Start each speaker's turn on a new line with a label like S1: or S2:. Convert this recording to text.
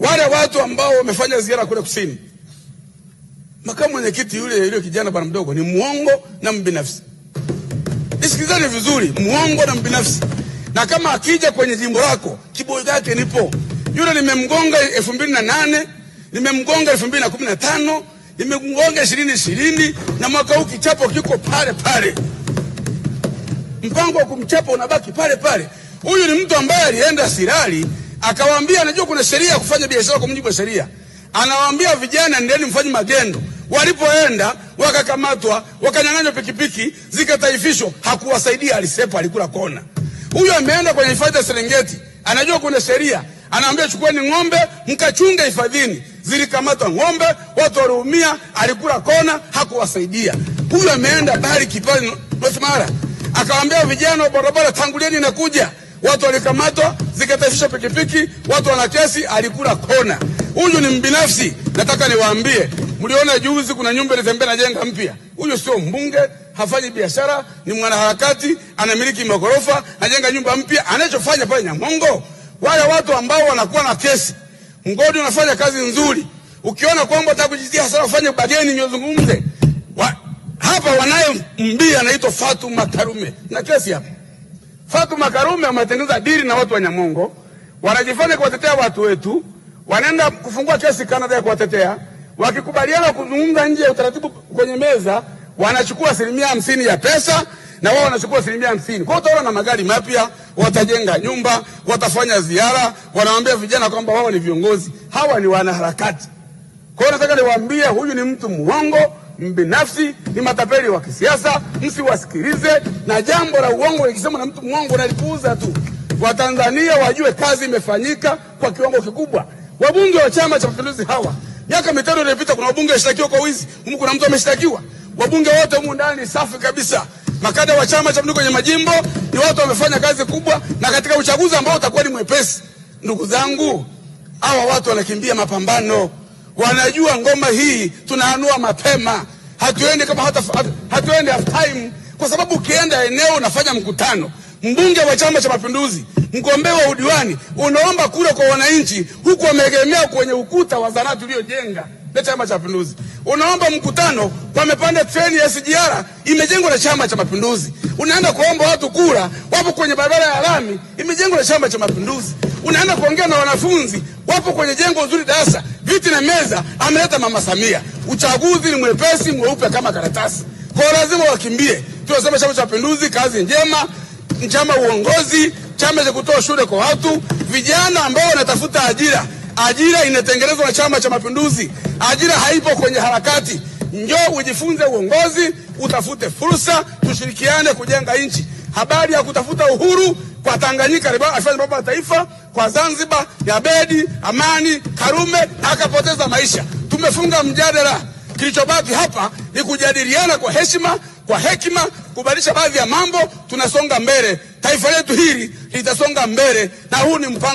S1: Wale watu ambao wamefanya ziara kule kusini, makamu mwenyekiti yule yule kijana bwana mdogo ni muongo na mbinafsi. Nisikilizane vizuri, muongo na mbinafsi, na kama akija kwenye jimbo lako kiboi yake nipo. Yule nimemgonga elfu mbili na nane nimemgonga elfu mbili na kumi na tano nimemgonga ishirini ishirini na mwaka huu kichapo kiko pale pale, mpango wa kumchapa unabaki pale pale. Huyu ni mtu ambaye alienda Sirari akawaambia anajua kuna sheria ya kufanya biashara kwa mujibu wa sheria, anawaambia vijana, ndeni mfanye magendo. Walipoenda wakakamatwa, wakanyang'anywa pikipiki, zikataifishwa, hakuwasaidia. Alisepa, alikula kona. Huyo ameenda kwenye hifadhi ya Serengeti, anajua kuna sheria, anaambia chukueni ng'ombe mkachunge hifadhini. Zilikamatwa ng'ombe, watu waliumia, alikula kona, hakuwasaidia. Huyo ameenda bali kipale North Mara, akawaambia vijana wa barabara, tangulieni nakuja watu walikamatwa, zikatafisha pikipiki, watu wana kesi, alikula kona. Huyu ni mbinafsi. Nataka niwaambie, mliona juzi kuna nyumba ilitembea na jenga mpya. Huyu sio mbunge, hafanyi biashara, ni mwanaharakati, anamiliki magorofa, anajenga nyumba mpya. Anachofanya pale Nyamongo, wale watu ambao wanakuwa na kesi, mgodi unafanya kazi nzuri. Ukiona kwamba utakujitia hasara, ufanye bageni, nyozungumze hapa. Wanayo mbia anaitwa Fatuma Karume na kesi hapa Fatuma Karume ametengeneza dili na watu wa Nyamongo, wanajifanya kuwatetea watu wetu, wanaenda kufungua kesi Canada ya kuwatetea. Wakikubaliana kuzungumza nje ya utaratibu kwenye meza, wanachukua asilimia hamsini ya pesa na wao wanachukua asilimia hamsini. Kwa hiyo utaona na magari mapya, watajenga nyumba, watafanya ziara, wanawaambia vijana kwamba wao ni viongozi. Hawa ni wanaharakati. Kwa hiyo nataka niwaambie, huyu ni mtu mwongo mbinafsi, ni matapeli wa kisiasa, msiwasikilize. Na jambo la uongo likisema na mtu mwongo nalipuuza tu. Watanzania wajue kazi imefanyika kwa kiwango kikubwa. Wabunge wa Chama cha Mapinduzi hawa miaka mitano iliyopita, kuna wabunge washtakiwa kwa wizi humu, kuna mtu ameshtakiwa. Wabunge wote humu ndani safi kabisa, makada wa Chama cha Mapinduzi kwenye majimbo ni watu wamefanya kazi kubwa, na katika uchaguzi ambao utakuwa ni mwepesi, ndugu zangu, hawa watu wanakimbia mapambano wanajua ngoma hii tunaanua mapema, hatuendi kama hata, hatuendi half time, kwa sababu ukienda eneo unafanya mkutano, mbunge wa Chama cha Mapinduzi, mgombea wa udiwani, unaomba kura kwa wananchi, huku wameegemea kwenye ukuta wa zahanati uliojenga na Chama cha Mapinduzi. Unaomba mkutano, wamepanda treni ya SGR imejengwa na Chama cha Mapinduzi. Unaenda kuomba watu kura, wapo kwenye barabara ya lami imejengwa na Chama cha Mapinduzi. Unaenda kuongea na wanafunzi, wapo kwenye jengo zuri darasa viti na meza ameleta Mama Samia. Uchaguzi ni mwepesi mweupe kama karatasi, kwa lazima wakimbie. Tunasema Chama cha Mapinduzi, kazi njema, chama uongozi, chama cha kutoa shule kwa watu, vijana ambao wanatafuta ajira. Ajira inatengenezwa na Chama cha Mapinduzi, ajira haipo kwenye harakati. Njoo ujifunze uongozi, utafute fursa, tushirikiane kujenga nchi habari ya kutafuta uhuru kwa Tanganyika, baba ya taifa, kwa Zanzibar ya bedi Amani Karume akapoteza maisha. Tumefunga mjadala, kilichobaki hapa ni kujadiliana kwa heshima, kwa hekima, kubadilisha baadhi ya mambo. Tunasonga mbele, taifa letu hili litasonga mbele, na huu ni mpango